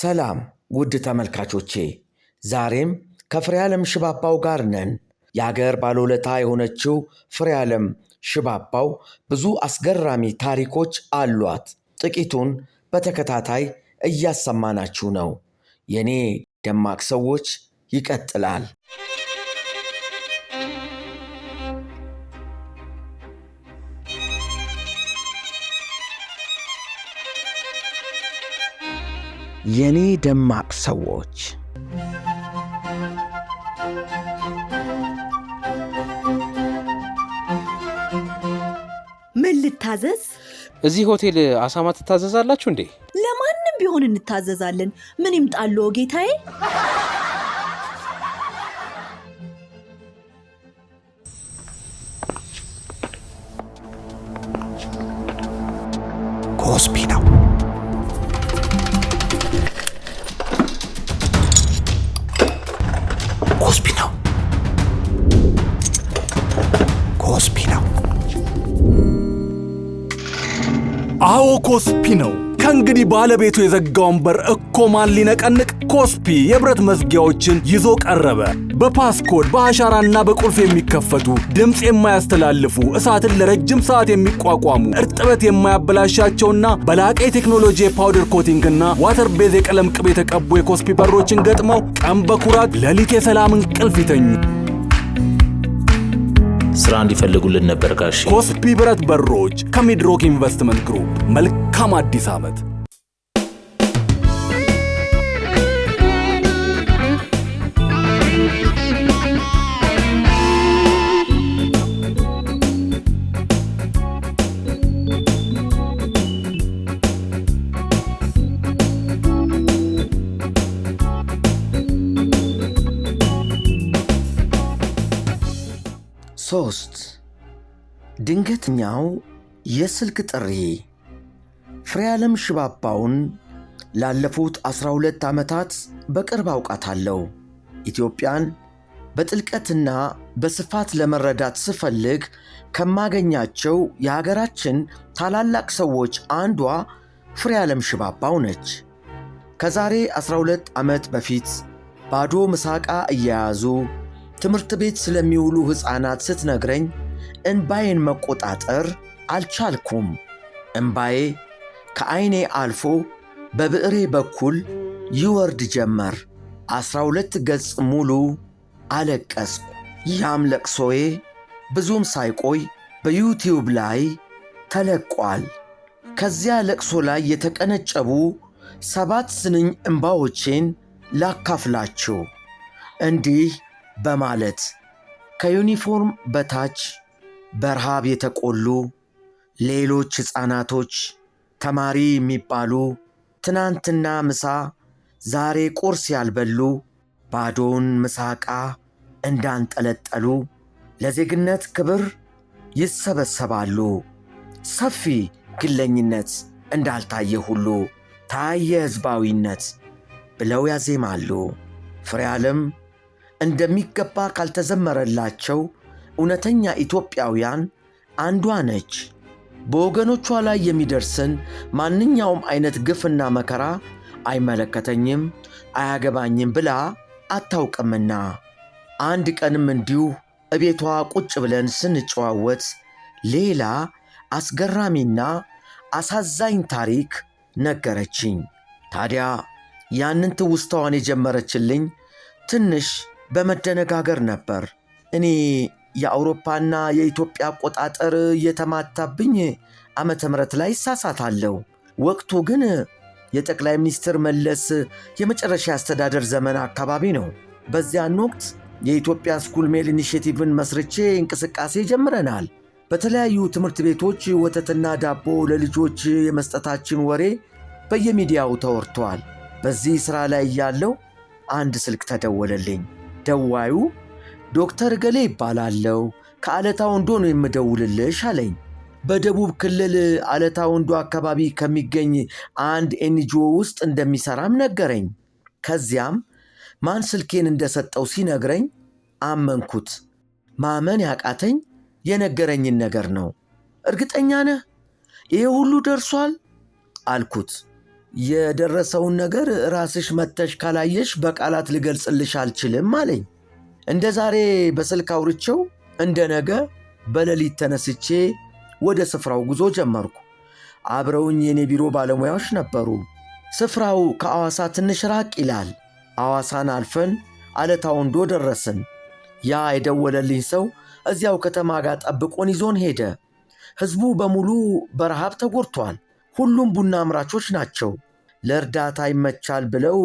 ሰላም ውድ ተመልካቾቼ፣ ዛሬም ከፍሬ ዓለም ሽባባው ጋር ነን። የአገር ባለውለታ የሆነችው ፍሬ ዓለም ሽባባው ብዙ አስገራሚ ታሪኮች አሏት። ጥቂቱን በተከታታይ እያሰማናችሁ ነው። የኔ ደማቅ ሰዎች ይቀጥላል። የኔ ደማቅ ሰዎች ምን ልታዘዝ? እዚህ ሆቴል አሳማ ትታዘዛላችሁ እንዴ? ለማንም ቢሆን እንታዘዛለን። ምን ይምጣሉ ጌታዬ? አዎ ኮስፒ ነው። ከእንግዲህ ባለቤቱ የዘጋውን በር እኮ ማን ሊነቀንቅ? ኮስፒ የብረት መዝጊያዎችን ይዞ ቀረበ። በፓስኮድ በአሻራና በቁልፍ የሚከፈቱ ድምፅ የማያስተላልፉ እሳትን ለረጅም ሰዓት የሚቋቋሙ እርጥበት የማያበላሻቸውና በላቀ የቴክኖሎጂ የፓውደር ኮቲንግና ዋተር ቤዝ የቀለም ቅብ የተቀቡ የኮስፒ በሮችን ገጥመው ቀን በኩራት ሌሊት የሰላም እንቅልፍ ይተኙ። ስራ እንዲፈልጉልን ነበር ጋሽ ኮስፒ ብረት በሮች ከሚድሮክ ኢንቨስትመንት ግሩፕ። መልካም አዲስ ዓመት። ሶስት ድንገተኛው የስልክ ጥሪ ፍሬ ዓለም ሽባባውን ላለፉት 12 ዓመታት በቅርብ አውቃታለሁ። ኢትዮጵያን በጥልቀትና በስፋት ለመረዳት ስፈልግ ከማገኛቸው የሀገራችን ታላላቅ ሰዎች አንዷ ፍሬ ዓለም ሽባባው ነች። ከዛሬ 12 ዓመት በፊት ባዶ ምሳቃ እየያዙ ትምህርት ቤት ስለሚውሉ ሕፃናት ስትነግረኝ እንባዬን መቆጣጠር አልቻልኩም። እንባዬ ከዐይኔ አልፎ በብዕሬ በኩል ይወርድ ጀመር። ዐሥራ ሁለት ገጽ ሙሉ አለቀስኩ። ያም ለቅሶዬ ብዙም ሳይቆይ በዩቲዩብ ላይ ተለቋል። ከዚያ ለቅሶ ላይ የተቀነጨቡ ሰባት ስንኝ እምባዎቼን ላካፍላችሁ እንዲህ በማለት ከዩኒፎርም በታች በረሃብ የተቆሉ ሌሎች ሕፃናቶች ተማሪ የሚባሉ ትናንትና ምሳ ዛሬ ቁርስ ያልበሉ ባዶውን ምሳቃ እንዳንጠለጠሉ ለዜግነት ክብር ይሰበሰባሉ። ሰፊ ግለኝነት እንዳልታየ ሁሉ ታየ ሕዝባዊነት ብለው ያዜማሉ። ፍሬ ዓለም እንደሚገባ ካልተዘመረላቸው እውነተኛ ኢትዮጵያውያን አንዷ ነች። በወገኖቿ ላይ የሚደርስን ማንኛውም አይነት ግፍና መከራ አይመለከተኝም፣ አያገባኝም ብላ አታውቅምና። አንድ ቀንም እንዲሁ እቤቷ ቁጭ ብለን ስንጨዋወት ሌላ አስገራሚና አሳዛኝ ታሪክ ነገረችኝ። ታዲያ ያንን ትውስታዋን የጀመረችልኝ ትንሽ በመደነጋገር ነበር። እኔ የአውሮፓና የኢትዮጵያ አቆጣጠር እየተማታብኝ ዓመተ ምሕረት ላይ ይሳሳታለሁ። ወቅቱ ግን የጠቅላይ ሚኒስትር መለስ የመጨረሻ አስተዳደር ዘመን አካባቢ ነው። በዚያን ወቅት የኢትዮጵያ ስኩል ሜል ኢኒሽቲቭን መስርቼ እንቅስቃሴ ጀምረናል። በተለያዩ ትምህርት ቤቶች ወተትና ዳቦ ለልጆች የመስጠታችን ወሬ በየሚዲያው ተወርተዋል። በዚህ ሥራ ላይ ያለው አንድ ስልክ ተደወለልኝ። ደዋዩ ዶክተር ገሌ ይባላለው ከአለታ ወንዶ ነው የምደውልልሽ አለኝ። በደቡብ ክልል አለታ ወንዶ አካባቢ ከሚገኝ አንድ ኤንጂኦ ውስጥ እንደሚሰራም ነገረኝ። ከዚያም ማን ስልኬን እንደሰጠው ሲነግረኝ አመንኩት። ማመን ያቃተኝ የነገረኝን ነገር ነው። እርግጠኛ ነህ ይሄ ሁሉ ደርሷል? አልኩት። የደረሰውን ነገር ራስሽ መተሽ ካላየሽ በቃላት ልገልጽልሽ አልችልም አለኝ። እንደ ዛሬ በስልክ አውርቼው እንደ ነገ በሌሊት ተነስቼ ወደ ስፍራው ጉዞ ጀመርኩ። አብረውኝ የኔ ቢሮ ባለሙያዎች ነበሩ። ስፍራው ከአዋሳ ትንሽ ራቅ ይላል። አዋሳን አልፈን አለታ ወንዶ ደረስን። ያ የደወለልኝ ሰው እዚያው ከተማ ጋር ጠብቆን ይዞን ሄደ። ሕዝቡ በሙሉ በረሃብ ተጎድቷል። ሁሉም ቡና አምራቾች ናቸው። ለእርዳታ ይመቻል ብለው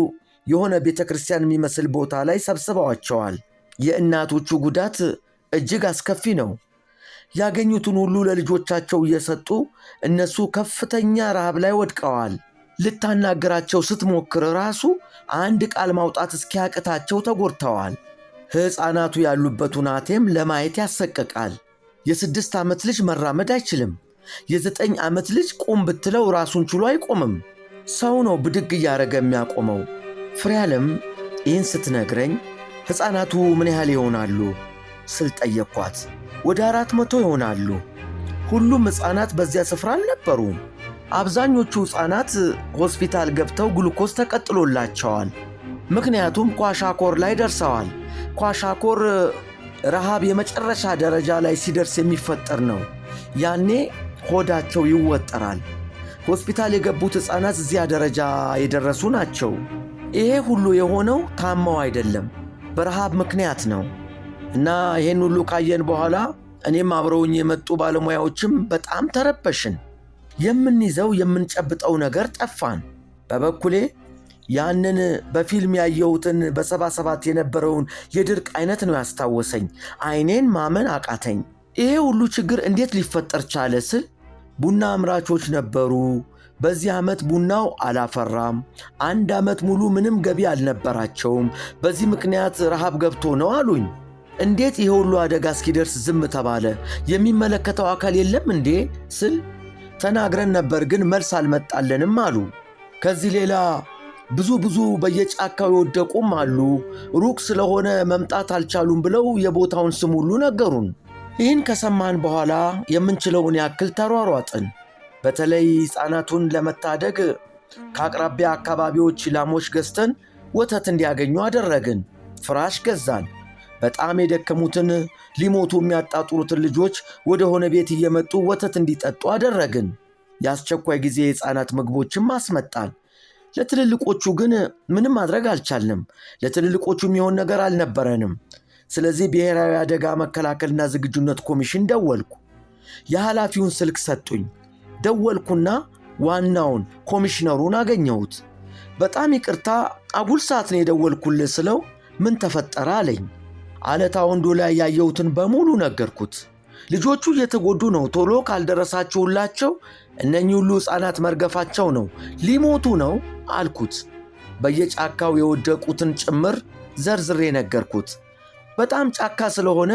የሆነ ቤተ ክርስቲያን የሚመስል ቦታ ላይ ሰብስበዋቸዋል። የእናቶቹ ጉዳት እጅግ አስከፊ ነው። ያገኙትን ሁሉ ለልጆቻቸው እየሰጡ እነሱ ከፍተኛ ረሃብ ላይ ወድቀዋል። ልታናገራቸው ስትሞክር ራሱ አንድ ቃል ማውጣት እስኪያቅታቸው ተጎድተዋል። ሕፃናቱ ያሉበት ሁናቴም ለማየት ያሰቀቃል። የስድስት ዓመት ልጅ መራመድ አይችልም። የዘጠኝ ዓመት ልጅ ቁም ብትለው ራሱን ችሎ አይቆምም። ሰው ነው ብድግ እያደረገ የሚያቆመው። ፍሬ ዓለም ይህን ስትነግረኝ ሕፃናቱ ምን ያህል ይሆናሉ ስል ጠየቅኳት። ወደ አራት መቶ ይሆናሉ። ሁሉም ሕፃናት በዚያ ስፍራ አልነበሩም። አብዛኞቹ ሕፃናት ሆስፒታል ገብተው ግሉኮስ ተቀጥሎላቸዋል። ምክንያቱም ኳሻኮር ላይ ደርሰዋል። ኳሻኮር ረሃብ የመጨረሻ ደረጃ ላይ ሲደርስ የሚፈጠር ነው። ያኔ ሆዳቸው ይወጠራል። ሆስፒታል የገቡት ሕፃናት እዚያ ደረጃ የደረሱ ናቸው። ይሄ ሁሉ የሆነው ታመው አይደለም፣ በረሃብ ምክንያት ነው። እና ይህን ሁሉ ካየን በኋላ እኔም አብረውኝ የመጡ ባለሙያዎችም በጣም ተረበሽን። የምንይዘው የምንጨብጠው ነገር ጠፋን። በበኩሌ ያንን በፊልም ያየሁትን በሰባ ሰባት የነበረውን የድርቅ አይነት ነው ያስታወሰኝ። አይኔን ማመን አቃተኝ። ይሄ ሁሉ ችግር እንዴት ሊፈጠር ቻለ ስል ቡና አምራቾች ነበሩ። በዚህ ዓመት ቡናው አላፈራም። አንድ ዓመት ሙሉ ምንም ገቢ አልነበራቸውም። በዚህ ምክንያት ረሃብ ገብቶ ነው አሉኝ። እንዴት ይሄ ሁሉ አደጋ እስኪደርስ ዝም ተባለ? የሚመለከተው አካል የለም እንዴ ስል ተናግረን ነበር፣ ግን መልስ አልመጣለንም አሉ። ከዚህ ሌላ ብዙ ብዙ በየጫካው የወደቁም አሉ። ሩቅ ስለሆነ መምጣት አልቻሉም ብለው የቦታውን ስም ሁሉ ነገሩን። ይህን ከሰማን በኋላ የምንችለውን ያክል ተሯሯጥን። በተለይ ሕፃናቱን ለመታደግ ከአቅራቢያ አካባቢዎች ላሞች ገዝተን ወተት እንዲያገኙ አደረግን። ፍራሽ ገዛን። በጣም የደከሙትን ሊሞቱ የሚያጣጥሩትን ልጆች ወደሆነ ቤት እየመጡ ወተት እንዲጠጡ አደረግን። የአስቸኳይ ጊዜ የሕፃናት ምግቦችም አስመጣን። ለትልልቆቹ ግን ምንም ማድረግ አልቻልንም። ለትልልቆቹ የሚሆን ነገር አልነበረንም። ስለዚህ ብሔራዊ አደጋ መከላከልና ዝግጁነት ኮሚሽን ደወልኩ። የኃላፊውን ስልክ ሰጡኝ። ደወልኩና ዋናውን ኮሚሽነሩን አገኘሁት። በጣም ይቅርታ አጉል ሰዓት ነው የደወልኩልህ ስለው ምን ተፈጠረ አለኝ። አለታ ወንዶ ላይ ያየሁትን በሙሉ ነገርኩት። ልጆቹ እየተጎዱ ነው፣ ቶሎ ካልደረሳችሁላቸው እነኚህ ሁሉ ሕፃናት መርገፋቸው ነው፣ ሊሞቱ ነው አልኩት። በየጫካው የወደቁትን ጭምር ዘርዝሬ ነገርኩት። በጣም ጫካ ስለሆነ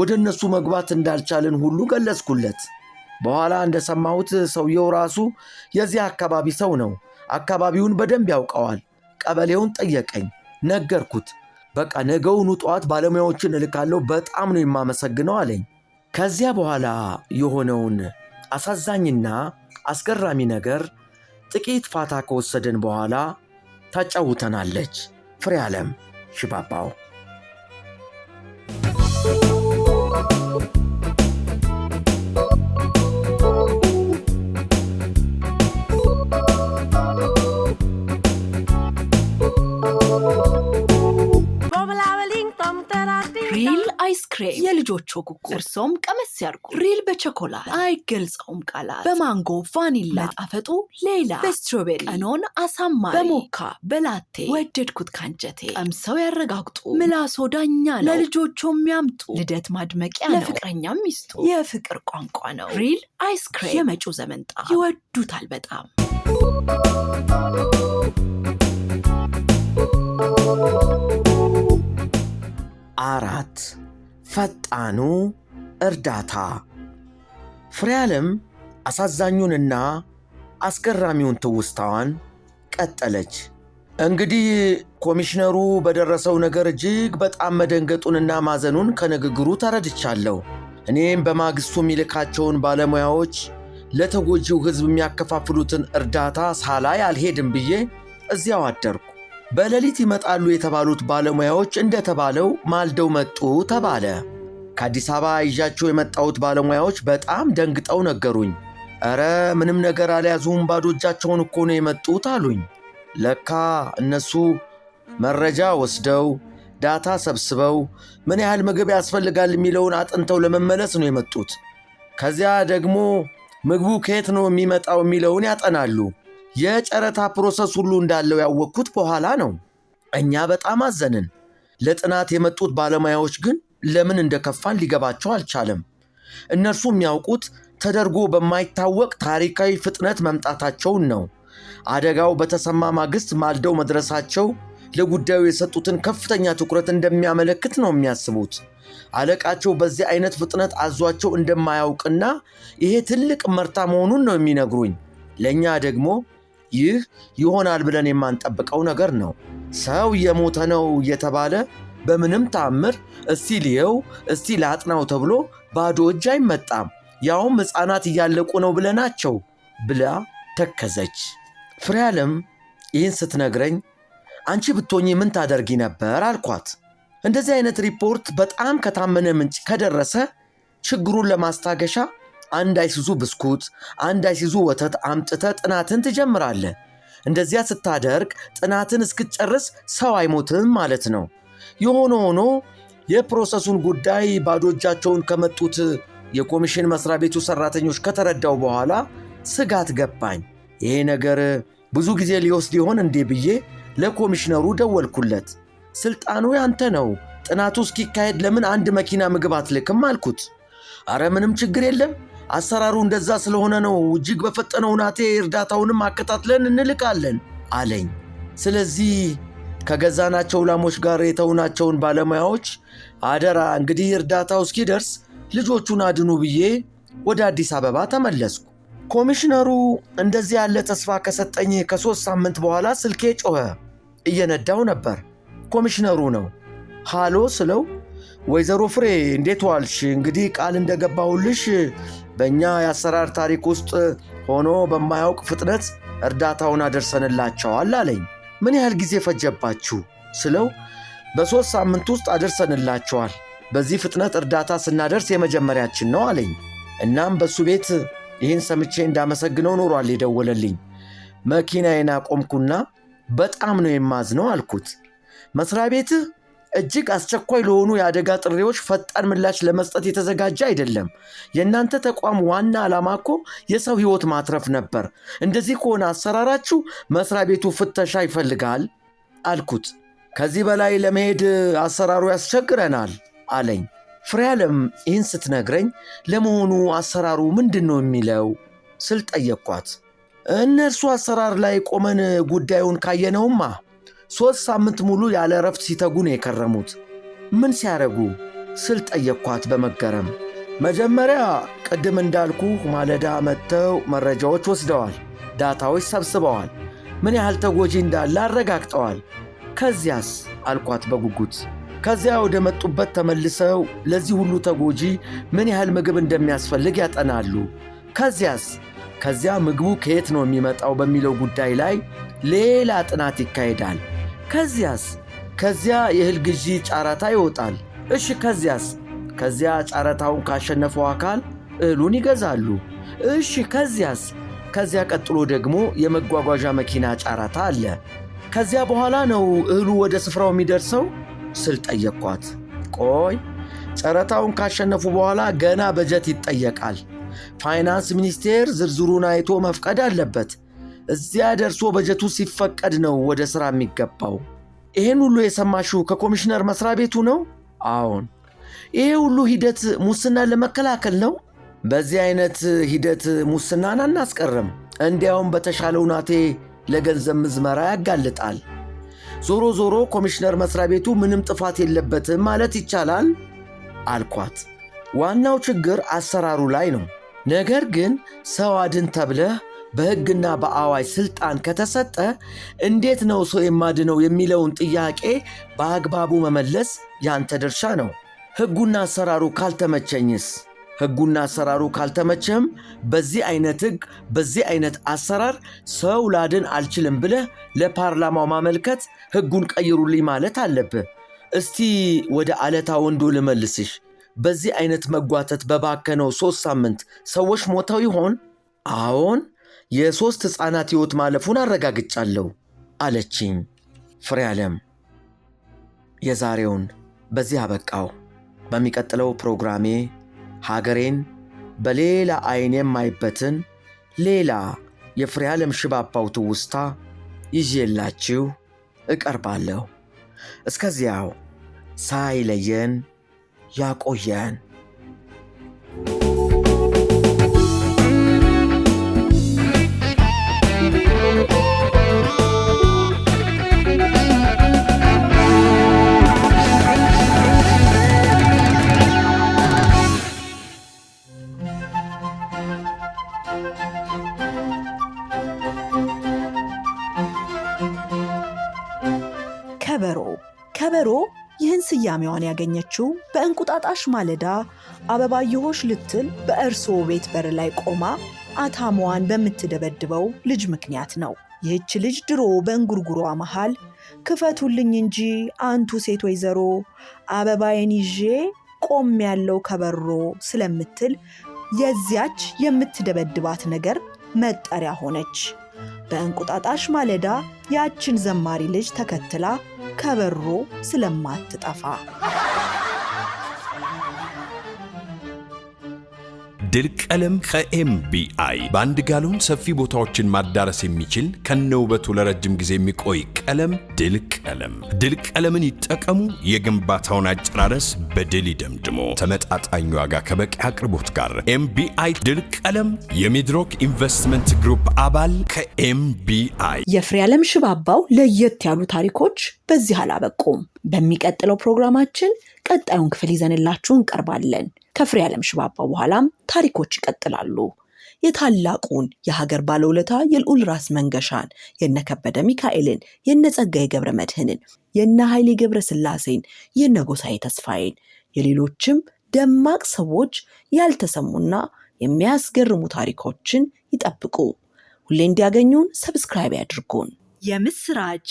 ወደ እነሱ መግባት እንዳልቻልን ሁሉ ገለጽኩለት። በኋላ እንደሰማሁት ሰውየው ራሱ የዚህ አካባቢ ሰው ነው። አካባቢውን በደንብ ያውቀዋል። ቀበሌውን ጠየቀኝ፣ ነገርኩት። በቃ ነገውኑ ጠዋት ባለሙያዎችን እልካለሁ፣ በጣም ነው የማመሰግነው አለኝ። ከዚያ በኋላ የሆነውን አሳዛኝና አስገራሚ ነገር ጥቂት ፋታ ከወሰደን በኋላ ታጫውተናለች ፍሬ ዓለም ሽባባው። ክሬም፣ የልጆቹ ኩኩ፣ እርሶም ቀመስ ያርጉ። ሪል በቸኮላት አይገልጸውም ቃላት፣ በማንጎ ቫኒላ ጣፈጡ ሌላ፣ በስትሮቤሪ ቀኖን አሳማሪ፣ በሞካ በላቴ ወደድኩት ካንጀቴ። ቀምሰው ያረጋግጡ፣ ምላሶ ዳኛ ነው። ለልጆቹ የሚያምጡ ልደት ማድመቂያ ነው፣ ለፍቅረኛም ሚስጡ የፍቅር ቋንቋ ነው። ሪል አይስክሬም የመጪው ጣ ይወዱታል በጣም። አራት ፈጣኑ እርዳታ ፍሬ ዓለም አሳዛኙንና አስገራሚውን ትውስታዋን ቀጠለች። እንግዲህ ኮሚሽነሩ በደረሰው ነገር እጅግ በጣም መደንገጡንና ማዘኑን ከንግግሩ ተረድቻለሁ። እኔም በማግስቱ የሚልካቸውን ባለሙያዎች ለተጎጂው ሕዝብ የሚያከፋፍሉትን እርዳታ ሳላይ አልሄድም ብዬ እዚያው አደርኩ። በሌሊት ይመጣሉ የተባሉት ባለሙያዎች እንደተባለው ማልደው መጡ ተባለ። ከአዲስ አበባ ይዣቸው የመጣሁት ባለሙያዎች በጣም ደንግጠው ነገሩኝ። እረ ምንም ነገር አልያዙም፣ ባዶ እጃቸውን እኮ ነው የመጡት አሉኝ። ለካ እነሱ መረጃ ወስደው ዳታ ሰብስበው ምን ያህል ምግብ ያስፈልጋል የሚለውን አጥንተው ለመመለስ ነው የመጡት። ከዚያ ደግሞ ምግቡ ከየት ነው የሚመጣው የሚለውን ያጠናሉ። የጨረታ ፕሮሰስ ሁሉ እንዳለው ያወቅኩት በኋላ ነው። እኛ በጣም አዘንን። ለጥናት የመጡት ባለሙያዎች ግን ለምን እንደከፋን ሊገባቸው አልቻለም። እነርሱ የሚያውቁት ተደርጎ በማይታወቅ ታሪካዊ ፍጥነት መምጣታቸውን ነው። አደጋው በተሰማ ማግስት ማልደው መድረሳቸው ለጉዳዩ የሰጡትን ከፍተኛ ትኩረት እንደሚያመለክት ነው የሚያስቡት። አለቃቸው በዚህ አይነት ፍጥነት አዟቸው እንደማያውቅና ይሄ ትልቅ መርታ መሆኑን ነው የሚነግሩኝ። ለእኛ ደግሞ ይህ ይሆናል ብለን የማንጠብቀው ነገር ነው። ሰው የሞተ ነው እየተባለ በምንም ታምር እስቲ ልየው እስቲ ላጥናው ተብሎ ባዶ እጅ አይመጣም። ያውም ሕፃናት እያለቁ ነው ብለናቸው ብላ ተከዘች። ፍሬ ዓለም ይህን ስትነግረኝ አንቺ ብትሆኚ ምን ታደርጊ ነበር አልኳት። እንደዚህ አይነት ሪፖርት በጣም ከታመነ ምንጭ ከደረሰ ችግሩን ለማስታገሻ አንድ አይሱዙ ብስኩት፣ አንድ አይሱዙ ወተት አምጥተ ጥናትን ትጀምራለህ። እንደዚያ ስታደርግ ጥናትን እስክትጨርስ ሰው አይሞትም ማለት ነው። የሆነ ሆኖ የፕሮሰሱን ጉዳይ ባዶ እጃቸውን ከመጡት የኮሚሽን መስሪያ ቤቱ ሰራተኞች ከተረዳው በኋላ ስጋት ገባኝ። ይሄ ነገር ብዙ ጊዜ ሊወስድ ይሆን እንዴ ብዬ ለኮሚሽነሩ ደወልኩለት። ስልጣኑ ያንተ ነው፣ ጥናቱ እስኪካሄድ ለምን አንድ መኪና ምግብ አትልክም አልኩት። አረ ምንም ችግር የለም አሰራሩ እንደዛ ስለሆነ ነው። እጅግ በፈጠነ ሁናቴ እርዳታውንም አከታትለን እንልካለን አለኝ። ስለዚህ ከገዛናቸው ላሞች ጋር የተውናቸውን ባለሙያዎች አደራ እንግዲህ እርዳታው እስኪደርስ ልጆቹን አድኑ ብዬ ወደ አዲስ አበባ ተመለስኩ። ኮሚሽነሩ እንደዚህ ያለ ተስፋ ከሰጠኝ ከሦስት ሳምንት በኋላ ስልኬ ጮኸ። እየነዳው ነበር። ኮሚሽነሩ ነው። ሃሎ ስለው ወይዘሮ ፍሬ እንዴት ዋልሽ? እንግዲህ ቃል እንደገባሁልሽ በእኛ የአሰራር ታሪክ ውስጥ ሆኖ በማያውቅ ፍጥነት እርዳታውን አደርሰንላቸዋል አለኝ። ምን ያህል ጊዜ ፈጀባችሁ ስለው በሦስት ሳምንት ውስጥ አደርሰንላቸዋል። በዚህ ፍጥነት እርዳታ ስናደርስ የመጀመሪያችን ነው አለኝ። እናም በሱ ቤት ይህን ሰምቼ እንዳመሰግነው ኖሯል የደወለልኝ። መኪናዬን አቆምኩና በጣም ነው የማዝነው አልኩት። መስሪያ ቤትህ እጅግ አስቸኳይ ለሆኑ የአደጋ ጥሪዎች ፈጣን ምላሽ ለመስጠት የተዘጋጀ አይደለም። የእናንተ ተቋም ዋና ዓላማ እኮ የሰው ሕይወት ማትረፍ ነበር። እንደዚህ ከሆነ አሰራራችሁ መስሪያ ቤቱ ፍተሻ ይፈልጋል አልኩት። ከዚህ በላይ ለመሄድ አሰራሩ ያስቸግረናል አለኝ። ፍሬ ዓለም ይህን ስትነግረኝ ለመሆኑ አሰራሩ ምንድን ነው የሚለው ስል ጠየቅኳት። እነርሱ አሰራር ላይ ቆመን ጉዳዩን ካየነውማ ሦስት ሳምንት ሙሉ ያለ እረፍት ሲተጉ ነው የከረሙት። ምን ሲያደርጉ ስል ጠየቅኳት በመገረም። መጀመሪያ ቅድም እንዳልኩ ማለዳ መጥተው መረጃዎች ወስደዋል፣ ዳታዎች ሰብስበዋል፣ ምን ያህል ተጎጂ እንዳለ አረጋግጠዋል። ከዚያስ አልኳት በጉጉት። ከዚያ ወደ መጡበት ተመልሰው ለዚህ ሁሉ ተጎጂ ምን ያህል ምግብ እንደሚያስፈልግ ያጠናሉ። ከዚያስ ከዚያ ምግቡ ከየት ነው የሚመጣው በሚለው ጉዳይ ላይ ሌላ ጥናት ይካሄዳል። ከዚያስ? ከዚያ የእህል ግዢ ጨረታ ይወጣል። እሺ ከዚያስ? ከዚያ ጨረታውን ካሸነፈው አካል እህሉን ይገዛሉ። እሺ ከዚያስ? ከዚያ ቀጥሎ ደግሞ የመጓጓዣ መኪና ጨረታ አለ። ከዚያ በኋላ ነው እህሉ ወደ ስፍራው የሚደርሰው ስል ጠየቅኳት። ቆይ ጨረታውን ካሸነፉ በኋላ ገና በጀት ይጠየቃል። ፋይናንስ ሚኒስቴር ዝርዝሩን አይቶ መፍቀድ አለበት። እዚያ ደርሶ በጀቱ ሲፈቀድ ነው ወደ ሥራ የሚገባው። ይህን ሁሉ የሰማሽው ከኮሚሽነር መስሪያ ቤቱ ነው? አዎን። ይሄ ሁሉ ሂደት ሙስናን ለመከላከል ነው። በዚህ አይነት ሂደት ሙስናን አናስቀርም፣ እንዲያውም በተሻለ ሁናቴ ለገንዘብ ምዝመራ ያጋልጣል። ዞሮ ዞሮ ኮሚሽነር መስሪያ ቤቱ ምንም ጥፋት የለበትም ማለት ይቻላል አልኳት። ዋናው ችግር አሰራሩ ላይ ነው። ነገር ግን ሰው አድን ተብለህ በሕግና በአዋጅ ስልጣን ከተሰጠ እንዴት ነው ሰው የማድነው የሚለውን ጥያቄ በአግባቡ መመለስ ያንተ ድርሻ ነው። ሕጉና አሰራሩ ካልተመቸኝስ? ሕጉና አሰራሩ ካልተመቸም በዚህ አይነት ሕግ በዚህ አይነት አሰራር ሰው ላድን አልችልም ብለህ ለፓርላማው ማመልከት ሕጉን ቀይሩልኝ ማለት አለብህ። እስቲ ወደ አለታ ወንዶ ልመልስሽ። በዚህ አይነት መጓተት በባከነው ሦስት ሳምንት ሰዎች ሞተው ይሆን? አዎን የሦስት ሕፃናት ሕይወት ማለፉን አረጋግጫለሁ አለችኝ። ፍሬ ዓለም የዛሬውን በዚህ አበቃው። በሚቀጥለው ፕሮግራሜ ሀገሬን በሌላ ዐይን የማይበትን ሌላ የፍሬ ዓለም ሽባባው ትውስታ ይዤላችሁ እቀርባለሁ። እስከዚያው ሳይለየን ያቆየን። ፍጻሜዋን ያገኘችው በእንቁጣጣሽ ማለዳ አበባየሆሽ ልትል በእርስዎ ቤት በር ላይ ቆማ አታሟዋን በምትደበድበው ልጅ ምክንያት ነው። ይህች ልጅ ድሮ በእንጉርጉሯ መሃል ክፈቱልኝ እንጂ አንቱ ሴት ወይዘሮ አበባዬን ይዤ ቆም ያለው ከበሮ ስለምትል የዚያች የምትደበድባት ነገር መጠሪያ ሆነች። በእንቁጣጣሽ ማለዳ ያችን ዘማሪ ልጅ ተከትላ ከበሮ ስለማትጠፋ ድል ቀለም ከኤምቢአይ በአንድ ጋሎን ሰፊ ቦታዎችን ማዳረስ የሚችል ከነውበቱ ለረጅም ጊዜ የሚቆይ ቀለም ድል ቀለም። ድል ቀለምን ይጠቀሙ። የግንባታውን አጨራረስ በድል ይደምድሞ። ተመጣጣኝ ዋጋ ከበቂ አቅርቦት ጋር ኤምቢአይ ድል ቀለም የሚድሮክ ኢንቨስትመንት ግሩፕ አባል ከኤምቢአይ። የፍሬ ዓለም ሽባባው ለየት ያሉ ታሪኮች በዚህ አላበቁም። በሚቀጥለው ፕሮግራማችን ቀጣዩን ክፍል ይዘንላችሁ እንቀርባለን። ከፍሬ ዓለም ሽባባ በኋላም ታሪኮች ይቀጥላሉ። የታላቁን የሀገር ባለውለታ የልዑል ራስ መንገሻን፣ የነከበደ ሚካኤልን፣ የነጸጋዬ ገብረ መድህንን፣ የነ ኃይሌ ገብረ የነ የነጎሳዬ ተስፋዬን፣ የሌሎችም ደማቅ ሰዎች ያልተሰሙና የሚያስገርሙ ታሪኮችን ይጠብቁ። ሁሌ እንዲያገኙን ሰብስክራይብ ያድርጉን። የምስራች